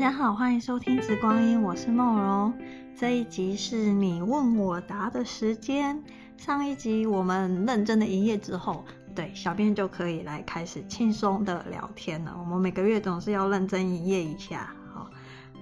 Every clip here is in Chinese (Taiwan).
大家好，歡迎收聽《紫光音》，我是夢榮。這一集是你問我答的時間。上一集我們認真的營業之後，對，小編就可以來開始輕鬆的聊天了。我們每個月總是要認真營業一下，好。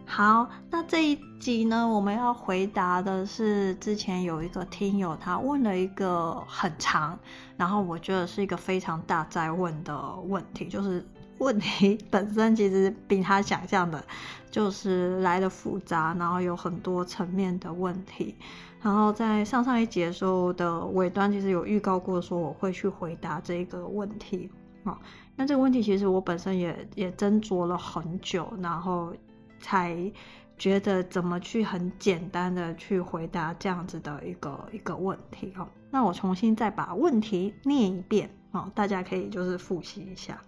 好，那這一集呢，我們要回答的是之前有一個聽友他問了一個很長，然後我覺得是一個非常大哉問的問題，就是。問題本身其實比他想象的，就是來得複雜，然後有很多層面的問題。然後在上上一節時候的尾端，其實有預告過說我會去回答這個問題。哦，那這個問題其實我本身也也斟酌了很久，然後才覺得怎麼去很簡單的去回答這樣子的一個一個問題。哦，那我重新再把問題念一遍，哦，大家可以就是複習一下。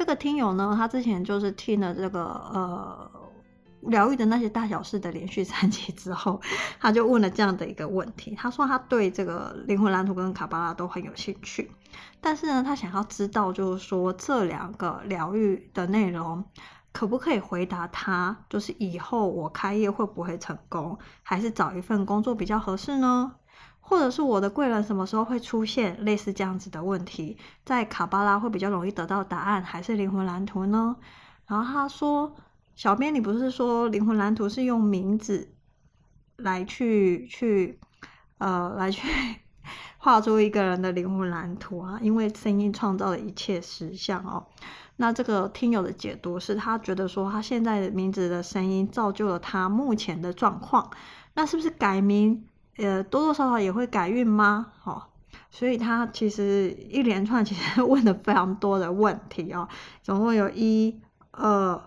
這個聽友呢，他之前就是聽了這個呃療癒的那些大小事的連續三集之後，他就問了這樣的一個問題：他說他對這個靈魂藍圖跟卡巴拉都很有興趣，但是呢，他想要知道就是說這兩個療癒的內容可不可以回答他？就是以後我開業會不會成功，還是找一份工作比較合適呢？或者是我的貴人什麼時候會出現，類似這樣子的問題，在卡巴拉會比較容易得到答案，還是靈魂藍圖呢？然後他說：“小編，你不是說靈魂藍圖是用名字來去去呃來去畫出一個人的靈魂藍圖啊？因為聲音創造了一切實相哦。那這個聽友的解讀是他覺得說他現在的名字的聲音造就了他目前的狀況，那是不是改名？”呃，多多少少也會改運嗎？哦，所以他其實一連串其實問的非常多的問題哦，總共有一、二、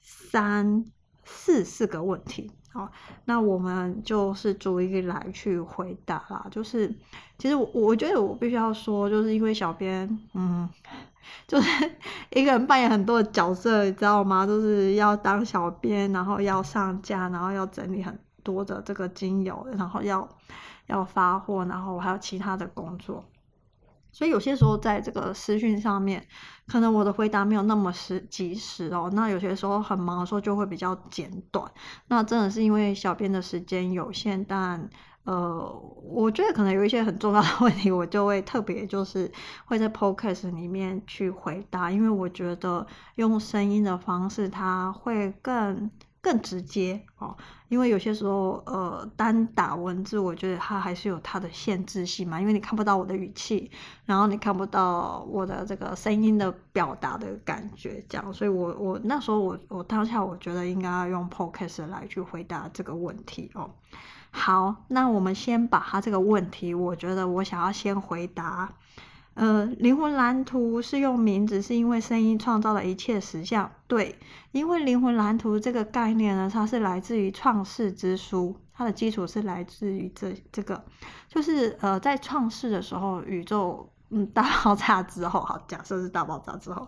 三、四四個問題。哦，那我們就是逐一來去回答啦。就是其實我我覺得我必須要說，就是因為小編，嗯，就是一個人扮演很多的角色，你知道嗎？就是要當小編，然後要上架，然後要整理很。多的這個精油，然後要要發貨，然後我還有其他的工作，所以有些時候在這個私訊上面，可能我的回答沒有那麼時及時哦。那有些時候很忙的時候就會比較簡短。那真的是因為小編的時間有限，但呃，我覺得可能有一些很重要的問題，我就會特別就是會在 podcast 裡面去回答，因為我覺得用聲音的方式，它會更。更直接哦，因為有些時候，呃，單打文字，我覺得它還是有它的限制性嘛，因為你看不到我的語氣，然後你看不到我的這個聲音的表達的感覺，這樣，所以我我那時候我我當下我覺得應該要用 Podcast 來去回答這個問題哦。好，那我們先把他這個問題，我覺得我想要先回答。呃，靈魂藍圖是用名字，是因為聲音創造了一切實相。對，因為靈魂藍圖這個概念呢，它是來自於創世之書，它的基礎是來自於這這個，就是呃，在創世的時候，宇宙嗯大爆炸之後，好，假設是大爆炸之後，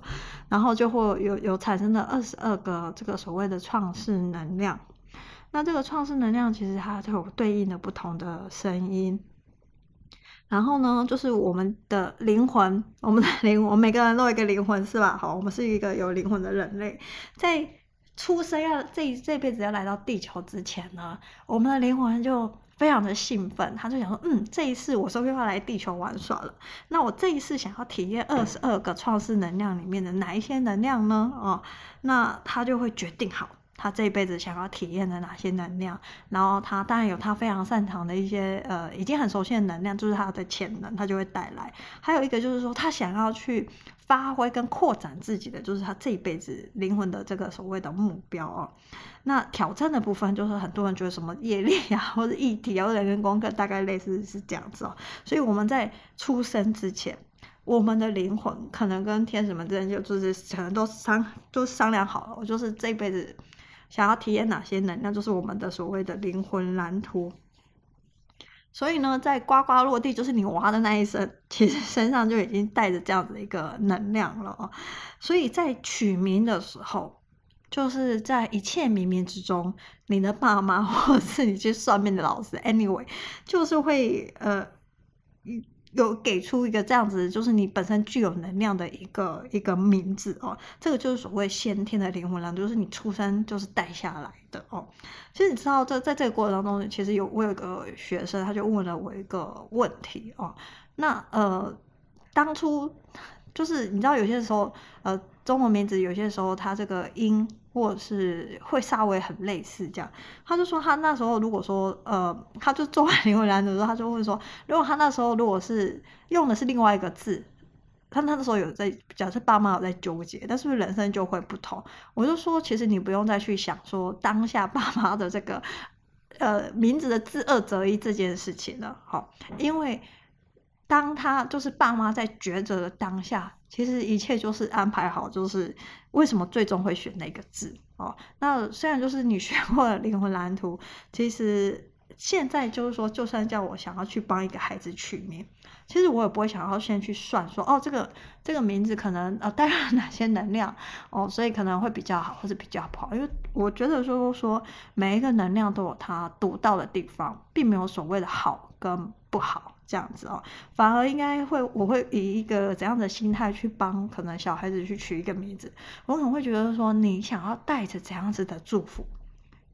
然後就會有有產生的二十二個這個所謂的創世能量。那這個創世能量其實它就有對應的不同的聲音。然後呢，就是我們的靈魂，我們的靈，我們每個人都有一個靈魂，是吧？好，我們是一個有靈魂的人類，在出生要這這輩子要來到地球之前呢，我們的靈魂就非常的興奮，他就想說，嗯，這一次我說不定要來地球玩耍了，那我這一次想要體驗二十二個創世能量裡面的哪一些能量呢？哦，那他就會決定好。他這一輩子想要體驗的哪些能量，然後他當然有他非常擅長的一些呃已經很熟悉的能量，就是他的潛能，他就會帶來。還有一個就是說他想要去發揮跟擴展自己的，就是他這一輩子靈魂的這個所謂的目標哦。那挑戰的部分就是很多人覺得什麼業力呀、啊，或者議題啊或者人工，功課，大概類似是這樣子哦。所以我們在出生之前，我們的靈魂可能跟天使們之間就就是可能都商都商量好了，我就是這一輩子。想要體驗哪些能量，就是我們的所謂的靈魂藍圖。所以呢，在呱呱落地，就是你哇的那一聲，其實身上就已經帶着這樣子一個能量了哦。所以在取名的時候，就是在一切冥冥之中，你的爸媽或是你去算命的老師，anyway，就是會呃。有給出一個這樣子，就是你本身具有能量的一個一個名字哦，這個就是所謂先天的靈魂量，就是你出生就是帶下來的哦。其實你知道，這在這個過程當中，其實有我有個學生，他就問了我一個問題哦，那呃，當初。就是你知道有些時候，呃，中文名字有些時候它這個音或是會稍微很類似這樣。他就說他那時候如果說，呃，他就中文名為蘭的時候，他就會說，如果他那時候如果是用的是另外一個字，他那時候有在，假設爸媽有在糾結，但是人生就會不同。我就說，其實你不用再去想說當下爸媽的這個，呃，名字的字二擇一這件事情了，好，因為。當他就是爸媽在抉擇的當下，其實一切就是安排好，就是為什麼最終會選那個字哦。那雖然就是你學過靈魂藍圖，其實現在就是說，就算叫我想要去幫一個孩子取名，其實我也不會想要先去算說哦，這個這個名字可能呃帶了哪些能量哦，所以可能會比較好或者，比較不好。因為我覺得說說每一個能量都有它獨到的地方，並沒有所謂的好跟不好。這樣子哦，反而應該會，我會以一個怎樣的心態去幫可能小孩子去取一個名字？我可能會覺得說，你想要帶着怎樣子的祝福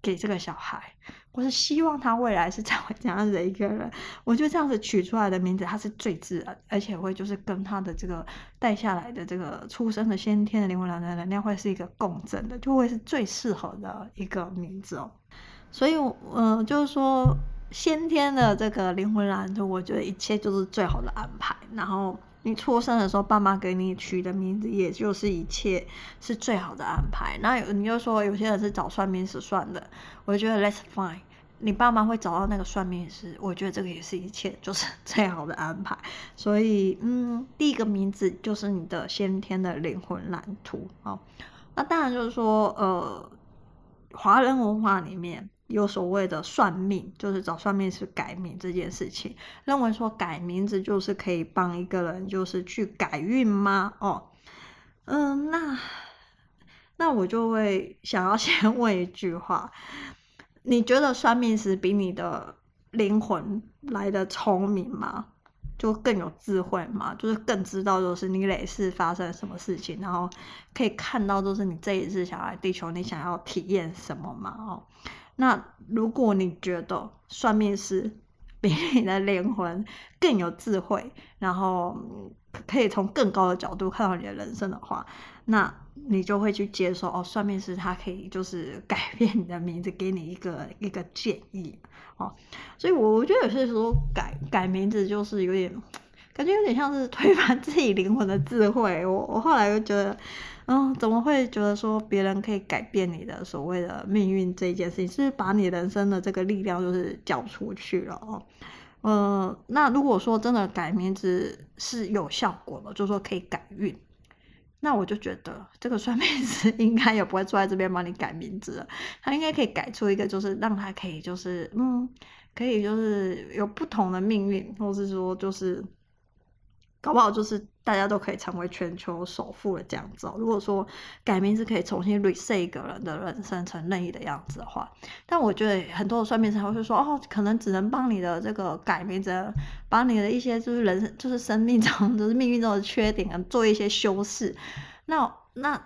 給這個小孩，我是希望他未來是成為怎樣的一個人？我覺得這樣子取出來的名字，他是最自然，而且會就是跟他的這個帶下來的這個出生的先天的靈魂能量，能量會是一個共振的，就會是最適合的一個名字哦。所以，我、呃、嗯，就是說。先天的這個靈魂藍圖，我覺得一切就是最好的安排。然後你出生的時候，爸媽給你取的名字，也就是一切是最好的安排。那有，你就說有些人是找算命師算的，我覺得 That's fine。你爸媽會找到那個算命師，我覺得這個也是一切就是最好的安排。所以，嗯，第一個名字就是你的先天的靈魂藍圖哦。那當然就是說，呃，華人文化裡面。有所謂的算命，就是找算命師改名這件事情，認為說改名字就是可以幫一個人，就是去改運嗎？哦，嗯，那那我就會想要先問一句話：你覺得算命師比你的靈魂來得聰明嗎？就更有智慧嗎？就是更知道，就是你累世發生什麼事情，然後可以看到，就是你這一次想來地球，你想要體驗什麼嗎？哦。那如果你覺得算命師比你的靈魂更有智慧，然後可以從更高的角度看到你的人生的話，那你就會去接受哦，算命師他可以就是改變你的名字，給你一個一個建議哦。所以，我我覺得有些時候改改名字就是有點感覺有點像是推翻自己靈魂的智慧。我我後來就覺得。嗯，怎麼會覺得說別人可以改變你的所謂的命運這一件事情，是，是把你人生的這個力量就是交出去了哦。嗯，那如果說真的改名字是有效果的，就是說可以改運，那我就覺得這個算命師應該也不會坐在這邊幫你改名字，他應該可以改出一個就是讓他可以就是嗯，可以就是有不同的命運，或是說就是。好不好？就是大家都可以成為全球首富的這樣子，哦。如果說改名是可以重新 reset 一個人的人生成任意的樣子的話，但我覺得很多算命師他會說，哦，可能只能幫你的這個改名者，把你的一些就是人生就是生命中的、就是、命運中的缺點做一些修飾。那那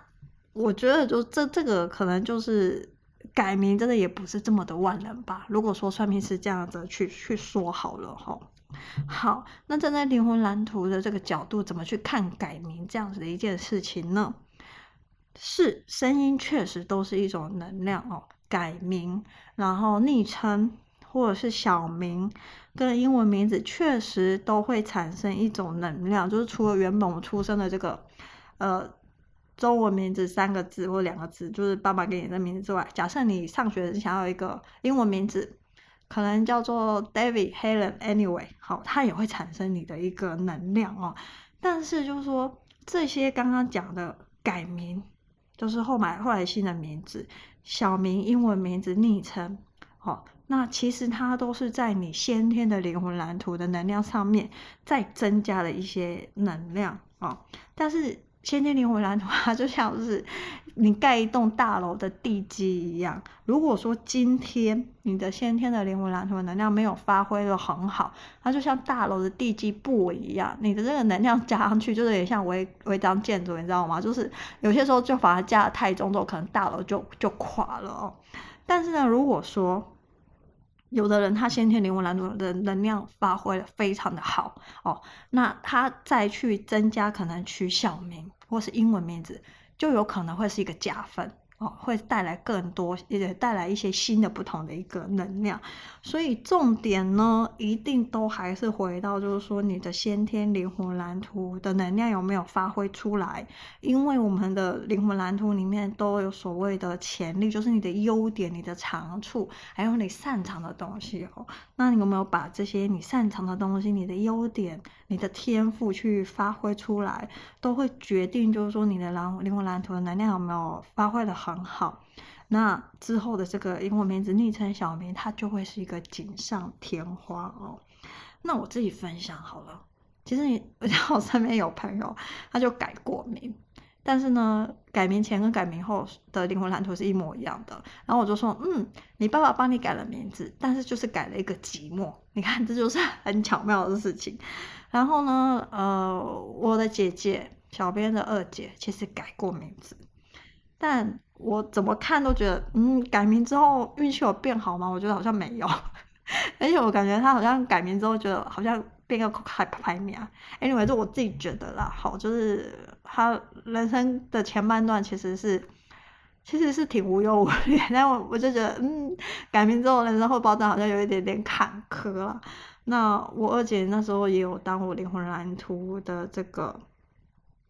我覺得就這這個可能就是改名真的也不是這麼的萬能吧。如果說算命師這樣子去去說好了哈，哦。好，那站在靈魂藍圖的這個角度，怎麼去看改名這樣子的一件事情呢？是，聲音確實都是一種能量哦。改名，然後昵稱或者是小名跟英文名字，確實都會產生一種能量。就是除了原本我出生的這個呃中文名字三個字或兩個字，就是爸爸給你的名字之外，假設你上學時想要一個英文名字。可能叫做 David Helen Anyway 好，它也會產生你的一個能量哦。但是就是說，這些剛剛講的改名，都、就是後買後來新的名字、小名、英文名字、昵稱，哦，那其實它都是在你先天的靈魂藍圖的能量上面再增加了一些能量哦，但是先天靈魂藍圖啊，它就像是你蓋一棟大樓的地基一樣。如果說今天你的先天的靈魂藍圖能量沒有發揮的很好，它就像大樓的地基不穩一樣。你的這個能量加上去，就是也像違違章建築，你知道嗎？就是有些時候就把它架得太重，就可能大樓就就垮了哦。但是呢，如果說有的人他先天靈魂藍圖的能量發揮的非常的好哦，那他再去增加可能取小名。或是英文名字，就有可能會是一個加分。會帶來更多，也帶來一些新的、不同的一個能量。所以重點呢，一定都還是回到，就是說你的先天靈魂藍圖的能量有沒有發揮出來？因為我們的靈魂藍圖裡面都有所謂的潛力，就是你的優點、你的長處，還有你擅長的東西哦。那你有沒有把這些你擅長的東西、你的優點、你的天賦去發揮出來，都會決定，就是說你的藍靈魂藍圖的能量有沒有發揮的好？很好，那之後的這個英文名字、昵稱、小名，它就會是一個錦上添花哦。那我自己分享好了，其實你，我身邊有朋友，他就改過名，但是呢，改名前跟改名後的靈魂藍圖是一模一樣的。然後我就說，嗯，你爸爸幫你改了名字，但是就是改了一個寂寞。你看，這就是很巧妙的事情。然後呢，呃，我的姐姐，小編的二姐，其實改過名字。但我怎麼看都覺得，嗯，改名之後運氣有變好嗎？我覺得好像沒有，而、哎、且我感覺他好像改名之後覺得好像變個酷嗨派名。Anyway，這我自己覺得啦。好，就是他人生的前半段其實是其實是挺無憂無慮，但我我就覺得，嗯，改名之後人生後半段好像有一點點坎坷了。那我二姐那時候也有當我靈魂藍圖的這個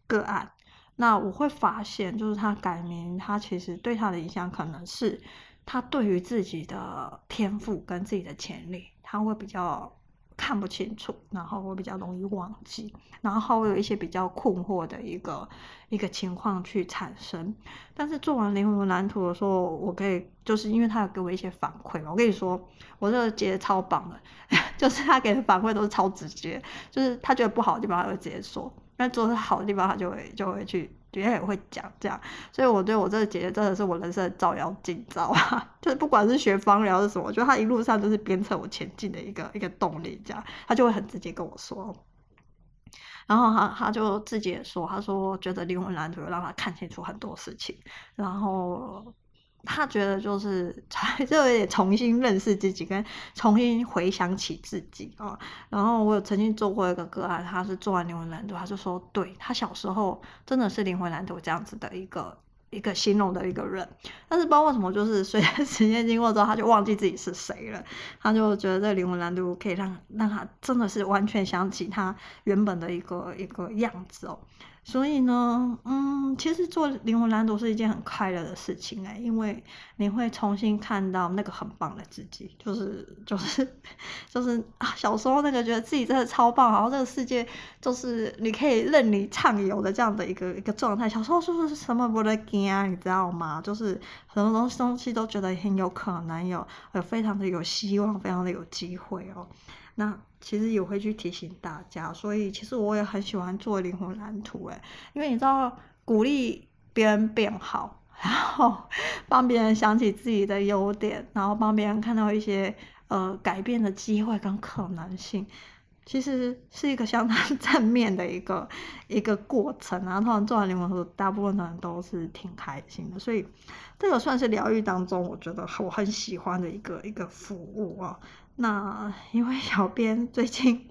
個案。那我會發現，就是他改名，他其實對他的影響可能是，他對於自己的天賦跟自己的潛力，他會比較看不清楚，然後會比較容易忘記，然後會有一些比較困惑的一個一個情況去產生。但是做完靈魂藍圖的時候，我可以就是因為他有給我一些反饋嘛，我跟你說，我這姐姐超棒的，就是他給的反饋都是超直接，就是他覺得不好的地方，他會直接說。但做的好的地方，他就會就會去，也很會講這樣，所以我對我這個姐姐真的是我人生的照妖鏡照啊，就是不管是學芳療是什麼，我覺得他一路上都是鞭策我前進的一個一個動力這樣，他就會很直接跟我說，然後他他就自己也說，他說覺得靈魂藍圖讓他看清楚很多事情，然後。他覺得就是才，就也重新認識自己，跟重新回想起自己哦。然後我有曾經做過一個個案、啊，他是做完靈魂藍圖，他就說，對，他小時候真的是靈魂藍圖這樣子的一個一個形容的一個人。但是不知道為什麼，就是隨着時間經過之後，他就忘記自己是誰了。他就覺得這靈魂藍圖可以讓讓他真的是完全想起他原本的一個一個樣子哦。所以呢，嗯，其實做靈魂藍圖是一件很快樂的事情誒、欸，因為。你會重新看到那個很棒的自己，就是就是就是啊，小時候那個覺得自己真的超棒，然後這個世界就是你可以任你暢遊的這樣的一個一個狀態。小時候是不是什麼不得勁啊？你知道嗎？就是很多東西東西都覺得很有可能有呃非常的有希望，非常的有機會哦。那其實也會去提醒大家，所以其實我也很喜歡做靈魂藍圖哎，因為你知道鼓勵別人變好。然後幫別人想起自己的優點，然後幫別人看到一些呃改變的機會跟可能性，其實是一個相當正面的一個一個過程啊。然後做完靈魂後，大部分的人都是挺開心的，所以這個算是療癒當中，我覺得我很喜歡的一個一個服務啊。那因為小編最近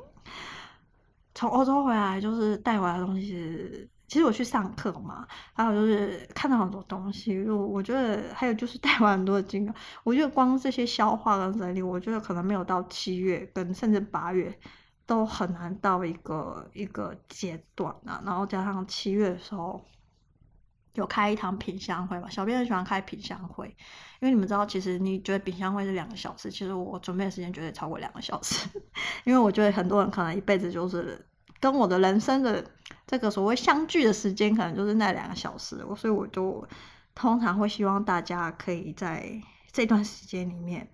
從歐洲回來，就是帶回來的東西是其實我去上課嘛，還有就是看到很多東西，就我覺得還有就是帶完很多的經驗，我覺得光這些消化跟能力，我覺得可能沒有到七月跟甚至八月，都很難到一個一個階段啊，然後加上七月的時候，有開一堂品香會嘛，小編很喜歡開品香會，因為你們知道，其實你覺得品香會是兩個小時，其實我準備的時間絕對超過兩個小時，因為我覺得很多人可能一輩子就是跟我的人生的。這個所謂相聚的時間，可能就是那兩個小時，我所以我就通常會希望大家可以在這段時間裡面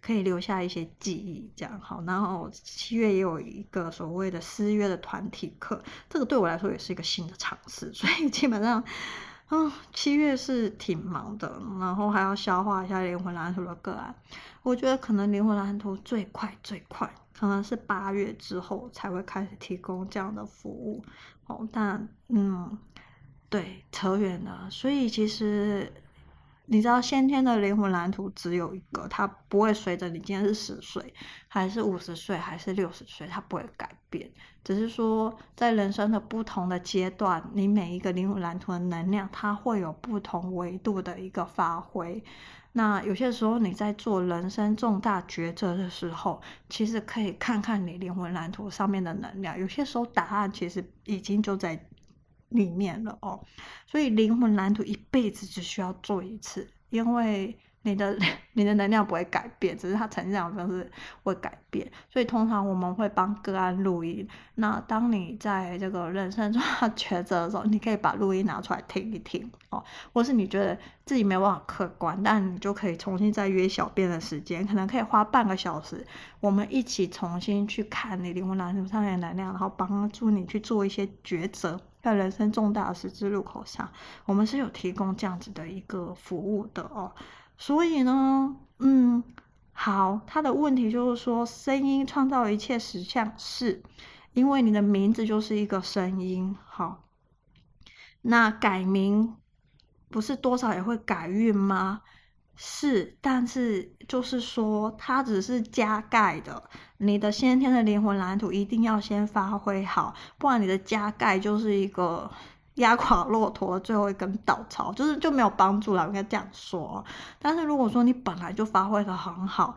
可以留下一些記憶，這樣好。然後七月也有一個所謂的私約的團體課，這個對我來說也是一個新的嘗試，所以基本上啊、嗯，七月是挺忙的，然後還要消化一下靈魂藍圖的個案。我覺得可能靈魂藍圖最快最快，可能是八月之後才會開始提供這樣的服務。但嗯，對，扯遠了。所以其實，你知道，先天的靈魂藍圖只有一個，它不會隨着你今天是十歲，還是五十歲，還是六十歲，它不會改變。只是說，在人生的不同的階段，你每一個靈魂藍圖的能量，它會有不同維度的一個發揮。那有些時候你在做人生重大抉擇的時候，其實可以看看你靈魂藍圖上面的能量。有些時候答案其實已經就在裡面了哦。所以靈魂藍圖一輩子只需要做一次，因為。你的你的能量不會改變，只是它成長方式會改變。所以通常我們會幫個案錄音。那當你在這個人生中的抉擇的時候，你可以把錄音拿出來聽一聽哦。或是你覺得自己沒辦法客觀，但你就可以重新再約小便的時間，可能可以花半個小時，我們一起重新去看你靈魂藍圖上面的能量，然後幫助你去做一些抉擇，在人生重大的十字路口上，我們是有提供這樣子的一個服務的哦。所以呢，嗯，好，他的問題就是說，聲音創造一切實相，是，因為你的名字就是一個聲音，好，那改名不是多少也會改運嗎？是，但是就是說，它只是加蓋的，你的先天的靈魂藍圖一定要先發揮好，不然你的加蓋就是一個。壓垮駱駝最後一根稻草，就是就沒有幫助了，我應該這樣說。但是如果說你本來就發揮得很好，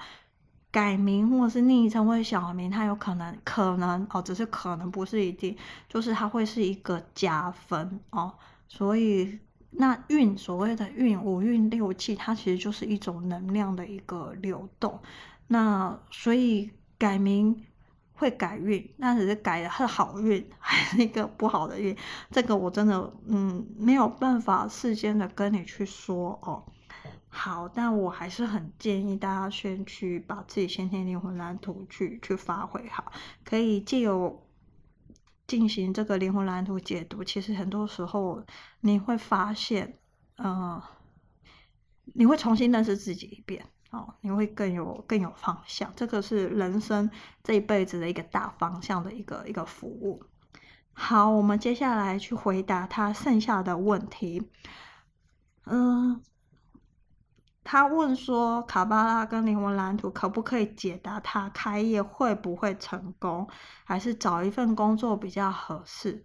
改名或者是暱稱或是小名，它有可能，可能哦，只是可能不是一定，就是它會是一個加分哦。所以那運，所謂的運，五運六氣，它其實就是一種能量的一個流動。那所以改名。會改運，那只是改的是好運還是一個不好的運，這個我真的嗯沒有辦法事先的跟你去說哦。好，但我還是很建議大家先去把自己先天靈魂藍圖去去發揮好，可以借由進行這個靈魂藍圖解讀。其實很多時候你會發現，嗯、呃，你會重新認識自己一遍。哦，你會更有更有方向，這個是人生這一輩子的一個大方向的一個一個服務。好，我們接下來去回答他剩下的問題。嗯，他問說卡巴拉跟靈魂藍圖可不可以解答他開業會不會成功，還是找一份工作比較合適？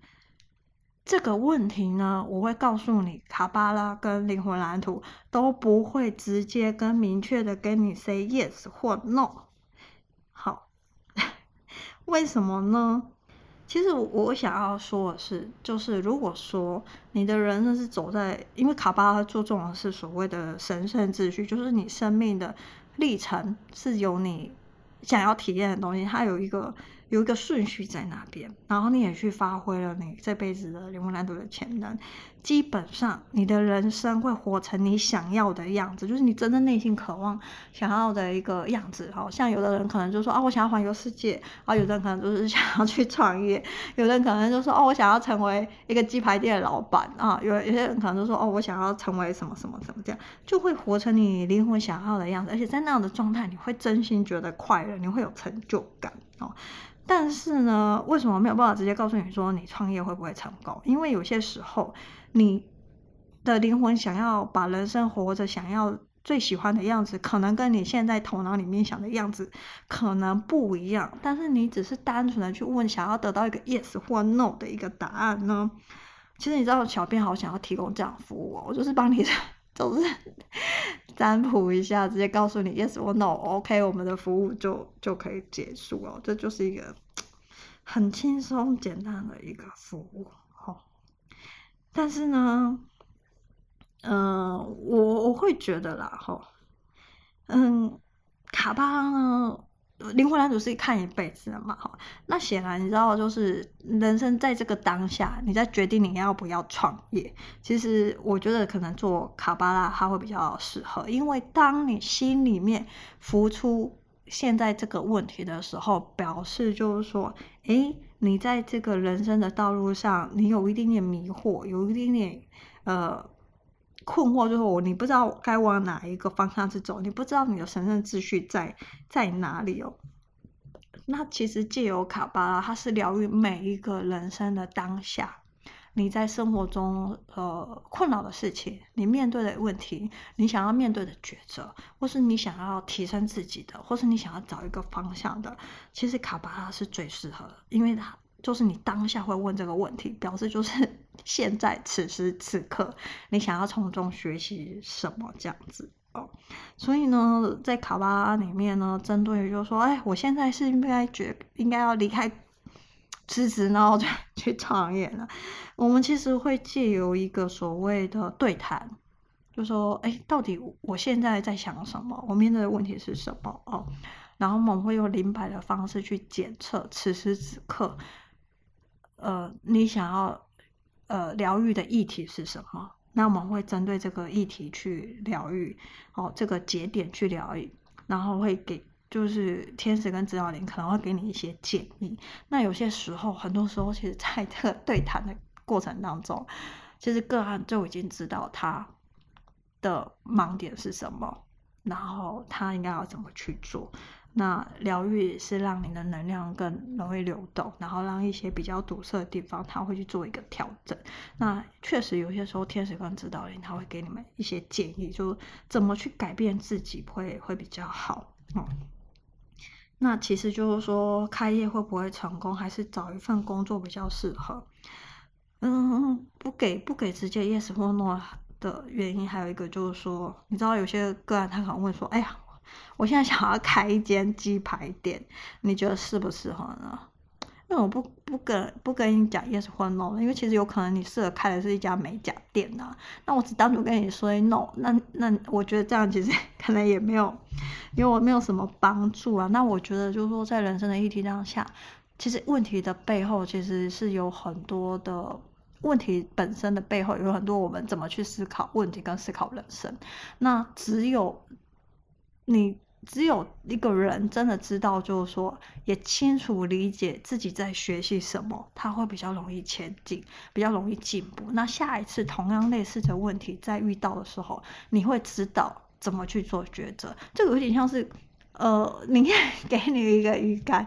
這個問題呢，我會告訴你，卡巴拉跟靈魂藍圖都不會直接跟明確的跟你 say yes 或 no。好， 為什麼呢？其實我想要說的是，就是如果說你的人生是走在，因為卡巴拉注重的是所謂的神聖秩序，就是你生命的歷程是由你想要體驗的東西，它有一個。有一個順序在那邊，然後你也去發揮了你這輩子的靈魂藍圖的潛能，基本上你的人生會活成你想要的樣子，就是你真正內心渴望想要的一個樣子。好像有的人可能就說啊，我想要環遊世界；啊，有的人可能就是想要去創業；有的人可能就說哦、啊，我想要成為一個雞排店的老板啊；有有些人可能就說哦、啊，我想要成為什麼什麼什麼這樣，就會活成你靈魂想要的樣子，而且在那樣的狀態，你會真心覺得快樂，你會有成就感哦。啊但是呢，為什麼沒有辦法直接告訴你說你創業會不會成功？因為有些時候，你的靈魂想要把人生活着，想要最喜歡的樣子，可能跟你現在頭腦裡面想的樣子可能不一樣。但是你只是單純的去問，想要得到一個 yes 或 no 的一個答案呢？其實你知道，小編好想要提供這樣的服務哦，我就是幫你 就是占卜一下，直接告訴你 yes or no、OK、okay，我們的服務就就可以結束哦。這就是一個很輕鬆簡單的一個服務，哦、但是呢，嗯、呃，我我會覺得啦，吼、哦，嗯，卡巴呢？靈魂藍圖是看一輩子的嘛，哈，那顯然你知道，就是人生在這個當下，你在決定你要不要創業。其實我覺得可能做卡巴拉它會比較適合，因為當你心裡面浮出現在這個問題的時候，表示就是說，哎、欸，你在這個人生的道路上，你有一點點迷惑，有一點點呃。困惑，就是我、哦,你不知道該往哪一個方向去走，你不知道你的神聖秩序在在哪裡哦。那其實借由卡巴拉，它是療癒每一個人生的當下，你在生活中呃困擾的事情，你面對的問題，你想要面對的抉擇，或是你想要提升自己的，或是你想要找一個方向的，其實卡巴拉是最適合的，因為它。就是你當下會問這個問題，表示就是現在此時此刻，你想要從中學習什麼這樣子哦。所以呢，在卡巴拉裡面呢，針對於就是說，哎，我現在是應該覺應該要離開，辭職然後去去創業了，我們其實會借由一個所謂的對談，就說，哎，到底我現在在想什麼？我面對的問題是什麼？哦，然後我們會用靈擺的方式去檢測此時此刻。呃，你想要呃療癒的議題是什麼？那我們會針對這個議題去療癒，哦，這個節點去療癒，然後會給就是天使跟指導靈可能會給你一些建議。那有些時候，很多時候，其實在這個對談的過程當中，其實個案就已經知道他的盲點是什麼，然後他應該要怎麼去做。那療癒是讓你的能量更容易流動，然後讓一些比較堵塞的地方，他會去做一個調整。那確實有些時候，天使跟指導靈他會給你們一些建議，就怎麼去改變自己會會比較好哦、嗯。那其實就是說，開業會不會成功，還是找一份工作比較適合？嗯，不給不給直接 yes 或 no 的原因，還有一個就是說，你知道有些個案他可能問說，哎呀。我現在想要開一間雞排店，你覺得適不適合呢？那我不不跟不跟你講 yes 或 no，因為其實有可能你適合開的是一家美甲店呢，啊，那我只單獨跟你說 no 那。那那我覺得這樣其實可能也沒有，因為我沒有什麼幫助啊。那我覺得就是說，在人生的議題當下，其實問題的背後其實是有很多的，問題本身的背後有很多我們怎麼去思考問題跟思考人生。那只有。你只有一個人真的知道，就是說也清楚理解自己在學習什麼，他會比較容易前進，比較容易進步。那下一次同樣類似的問題在遇到的時候，你會知道怎麼去做抉擇。這個有點像是，呃，寧願給你一個魚竿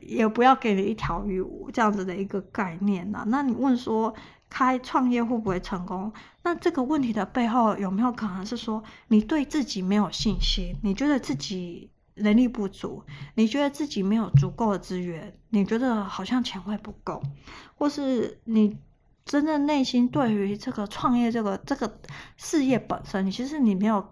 也不要給你一條魚，這樣子的一個概念呢、啊？那你問說？開創業會不會成功？那這個問題的背後有沒有可能是說，你對自己沒有信心？你覺得自己能力不足？你覺得自己沒有足夠的資源？你覺得好像錢會不夠？或是你真正內心對於這個創業這個這個事業本身，其實你沒有，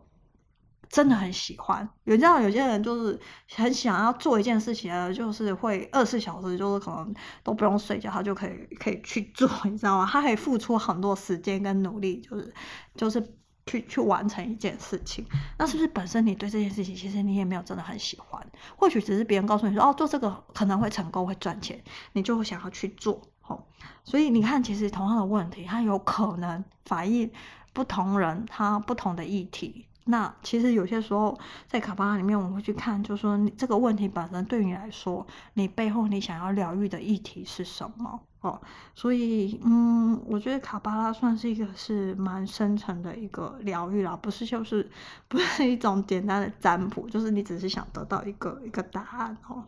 真的很喜歡，有這樣有些人就是很想要做一件事情，就是會二十四小時，就是可能都不用睡覺，他就可以可以去做，你知道嗎？他可以付出很多時間跟努力、就是，就是就是去去完成一件事情。那是不是本身你對這件事情，其實你也沒有真的很喜歡？或許只是別人告訴你說，哦，做這個可能會成功，會賺錢，你就想要去做，吼、哦。所以你看，其實同樣的問題，它有可能反映不同人他不同的議題。那其實有些時候，在卡巴拉裡面，我們會去看，就是說你這個問題本身對你來說，你背後你想要療癒的議題是什麼哦。所以，嗯，我覺得卡巴拉算是一個是蠻深層的一個療癒啦，不是就是不是一種簡單的占卜，就是你只是想得到一個一個答案哦。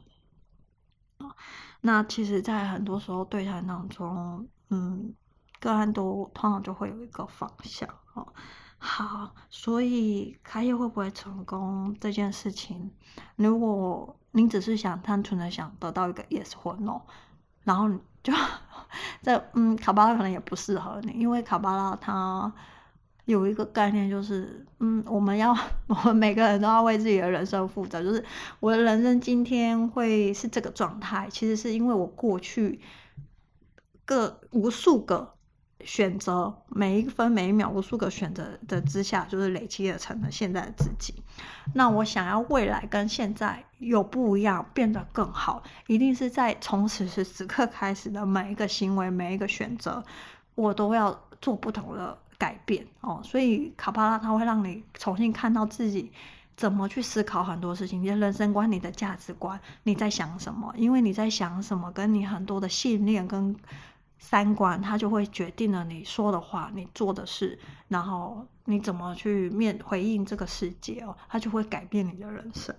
那其實，在很多時候對談當中，嗯，個案都通常就會有一個方向哦。好，所以開業會不會成功這件事情，如果您只是想單純的想得到一個 yes 或 no，然後你就在嗯，卡巴拉可能也不適合你，因為卡巴拉它有一個概念就是，嗯，我們要我們每個人都要為自己的人生負責，就是我的人生今天會是這個狀態，其實是因為我過去各無數個。選擇每一分每一秒，無數個選擇的之下，就是累積而成的現在的自己。那我想要未來跟現在有不一樣，變得更好，一定是在從此時此刻開始的每一個行為、每一個選擇，我都要做不同的改變哦。所以卡巴拉它會讓你重新看到自己怎麼去思考很多事情，你的人生觀、你的價值觀，你在想什麼？因為你在想什麼，跟你很多的信念跟三觀，他就會決定了你說的話，你做的事，然後你怎麼去面回應這個世界哦，他就會改變你的人生。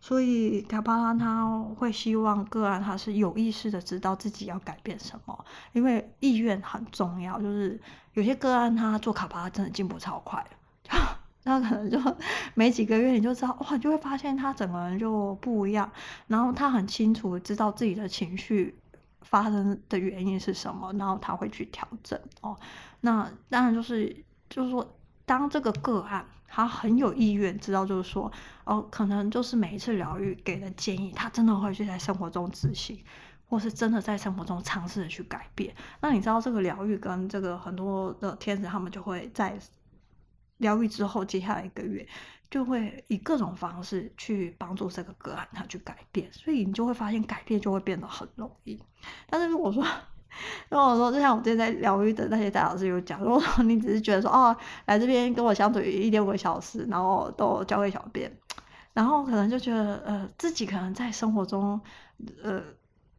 所以卡巴拉他會希望個案他是有意識的知道自己要改變什麼，因為意願很重要。就是有些個案他做卡巴拉真的進步超快，他可能就沒幾個月你就知道哇，哦，你就會發現他整個人就不一樣，然後他很清楚知道自己的情緒發生的原因是什麼？然後他會去調整哦。那當然就是，就是說，當這個個案他很有意願，知道就是說，哦，可能就是每一次療癒給的建議，他真的會去在生活中執行，或是真的在生活中嘗試的去改變。那你知道，這個療癒跟這個很多的天使，他們就會在療癒之後，接下來一個月，就會以各種方式去幫助這個個案，他去改變，所以你就會發現改變就會變得很容易。但是如果說，如果說，就像我之前在療癒的那些大老師有講，如果說，你只是覺得說，哦，來這邊跟我相處一點五個小時，然後都交給小便，然後可能就覺得，呃，自己可能在生活中，呃。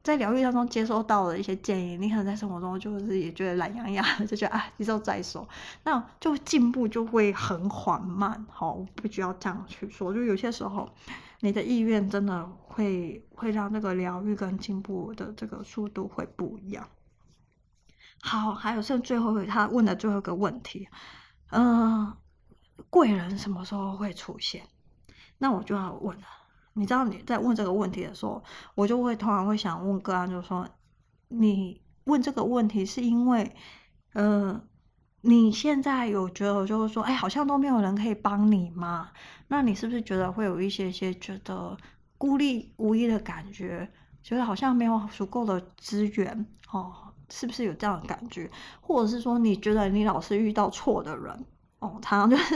在療癒當中接收到了一些建議，你可能在生活中就是也覺得懶洋洋的，就覺得啊以後再說，那就進步就會很緩慢。好，我不需要這樣去說，就有些時候你的意願真的會會讓那個療癒跟進步的這個速度會不一樣。好，還有剩最後一個，他問的最後一個問題，嗯、呃，貴人什麼時候會出現？那我就要問了。你知道你在問這個問題的時候，我就會突然會想問個案，就是說，你問這個問題是因為，嗯、呃，你現在有覺得就是說，哎，好像都沒有人可以幫你嗎？那你是不是覺得會有一些些覺得孤立無依的感覺？覺得好像沒有足夠的資源哦，是不是有這樣的感覺？或者是說，你覺得你老是遇到錯的人？哦，常常就是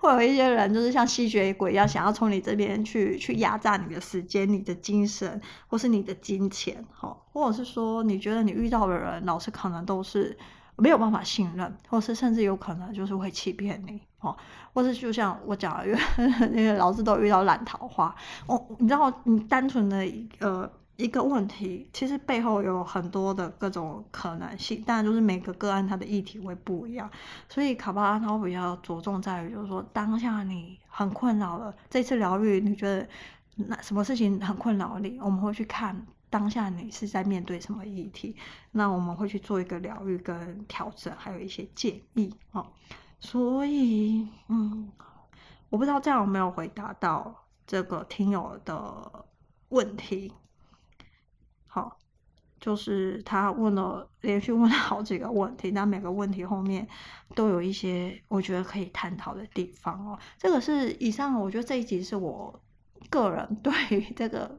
會有一些人，就是像吸血鬼一樣，想要從你這邊去去壓榨你的時間、你的精神，或是你的金錢，哈、哦，或者是說你覺得你遇到的人老是可能都是沒有辦法信任，或是甚至有可能就是會欺騙你，哦，或是就像我講的，那個老是都遇到爛桃花，哦，你知道你單純的呃。一個問題，其實背後有很多的各種可能性，當然就是每個個案它的議題會不一樣，所以卡巴拉他會比較着重在於，就是說當下你很困擾的這次療癒，你覺得那什麼事情很困擾你？我們會去看當下你是在面對什麼議題，那我們會去做一個療癒跟調整，還有一些建議哦。所以，嗯，我不知道這樣有沒有回答到這個聽友的問題。好、哦，就是他問了連續問了好幾個問題，那每個問題後面都有一些我覺得可以探討的地方哦。這個是以上，我覺得這一集是我個人對於這個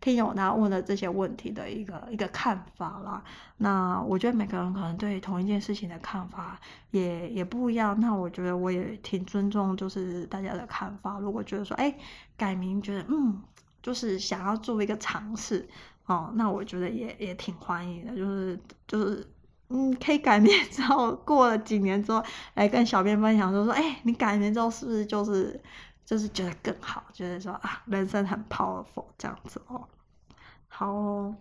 聽友呢問的這些問題的一個一個看法啦。那我覺得每個人可能對同一件事情的看法也也不一樣。那我覺得我也挺尊重，就是大家的看法。如果覺得說，哎，改名，就是，覺得嗯，就是想要做一個嘗試。哦，那我覺得也也挺歡迎的，就是就是，嗯，可以改名之後，過了幾年之後，來跟小編分享說說，哎、欸，你改名之後是不是就是就是覺得更好，覺、就、得、是、說啊，人生很 powerful 這樣子哦。好，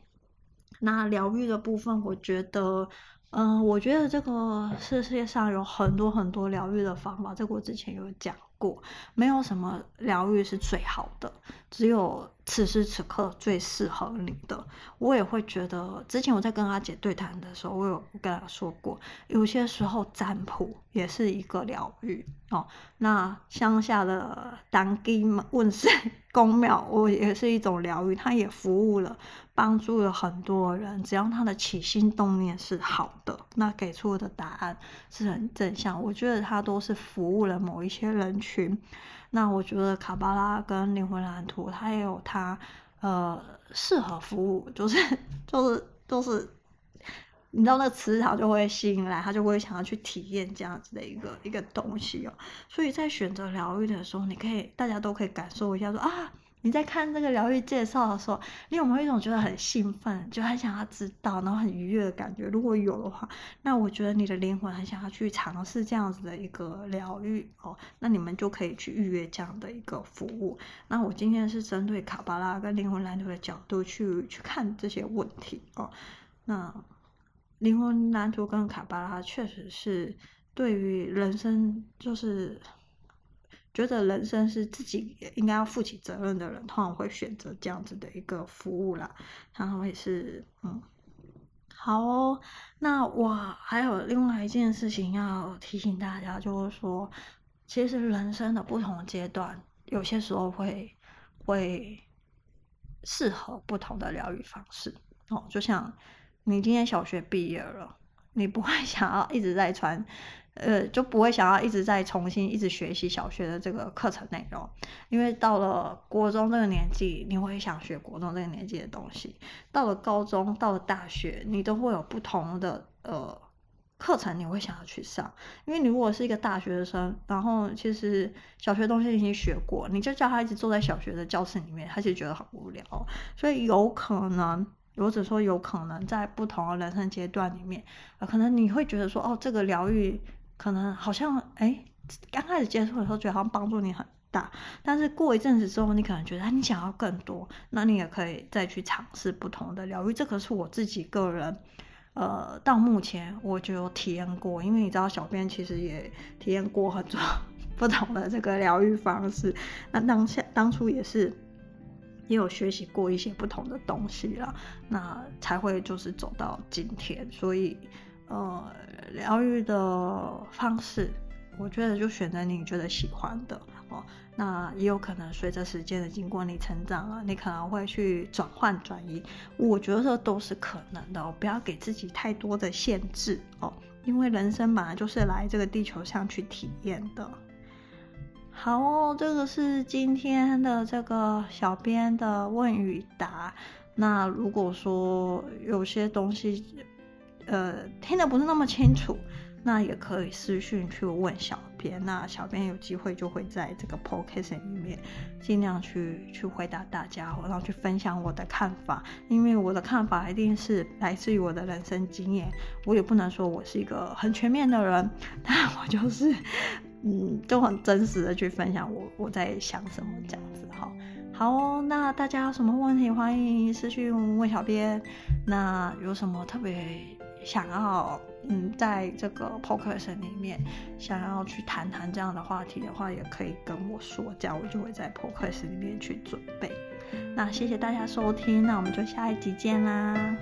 那療癒的部分，我覺得，嗯、呃，我覺得這個世世界上有很多很多療癒的方法，這個我之前有講過，沒有什麼療癒是最好的。只有此時此刻最適合你的，我也會覺得。之前我在跟阿姐對談的時候，我有跟她說過，有些時候占卜也是一個療癒哦。那鄉下的當地問事宮廟，我也是一種療癒，它也服務了，幫助了很多人。只要他的起心動念是好的，那給出的答案是很正向，我覺得他都是服務了某一些人群。那我覺得卡巴拉跟靈魂藍圖，它也有它，呃，適合服務，就是就是就是，你知道那磁場就會吸引來，他就會想要去體驗這樣子的一個一個東西哦。所以在選擇療癒的時候，你可以大家都可以感受一下說，說啊。你在看這個療癒介紹的時候，你有沒有一種覺得很興奮，就很想要知道，然後很愉悅的感覺？如果有的話，那我覺得你的靈魂很想要去嘗試這樣子的一個療癒哦，那你們就可以去預約這樣的一個服務。那我今天是針對卡巴拉跟靈魂藍圖的角度去去看這些問題哦。那靈魂藍圖跟卡巴拉確實是對於人生就是。覺得人生是自己也應該要負起責任的人，通常會選擇這樣子的一個服務啦。然後也是，嗯，好哦。那我還有另外一件事情要提醒大家，就是說，其實人生的不同的階段，有些時候會會適合不同的療癒方式哦。就像你今天小學畢業了。你不會想要一直在穿，呃，就不會想要一直在重新一直學習小學的這個課程內容，因為到了國中這個年紀，你會想學國中這個年紀的東西；到了高中，到了大學，你都會有不同的呃課程，你會想要去上。因為你如果是一個大學生，然後其實小學東西已經學過，你就叫他一直坐在小學的教室裡面，他就覺得好無聊，所以有可能。我只說有可能在不同的人生階段裡面，可能你會覺得說，哦，這個療癒可能好像，哎，剛開始接觸的時候覺得好像幫助你很大，但是過一陣子之後，你可能覺得，你想要更多，那你也可以再去嘗試不同的療癒。這可、個、是我自己個人，呃，到目前我就有體驗過，因為你知道，小編其實也體驗過很多不同的這個療癒方式，那當下當初也是。也有學習過一些不同的東西了，那才會就是走到今天。所以，呃，療癒的方式，我覺得就選擇你覺得喜歡的哦。那也有可能隨着時間的經過，你成長了，你可能會去轉換轉移。我覺得這都是可能的哦。不要給自己太多的限制哦，因為人生本來就是來這個地球上去體驗的。好哦，這個是今天的這個小編的問與答。那如果說有些東西，呃，聽得不是那麼清楚，那也可以私訊，去問小編。那小編有機會就會在這個 Podcast 裡面盡量去去回答大家，然後去分享我的看法。因為我的看法一定是來自於我的人生經驗。我也不能說我是一個很全面的人，但我就是。嗯，就很真實的去分享我我在想什麼這樣子哈。好哦，那大家有什麼問題，歡迎私訊問小編。那有什麼特別想要嗯，在這個 Podcast 裡面想要去談談這樣的話題的話，也可以跟我說，這樣我就會在 Podcast 裡面去準備。那謝謝大家收聽，那我們就下一集見啦。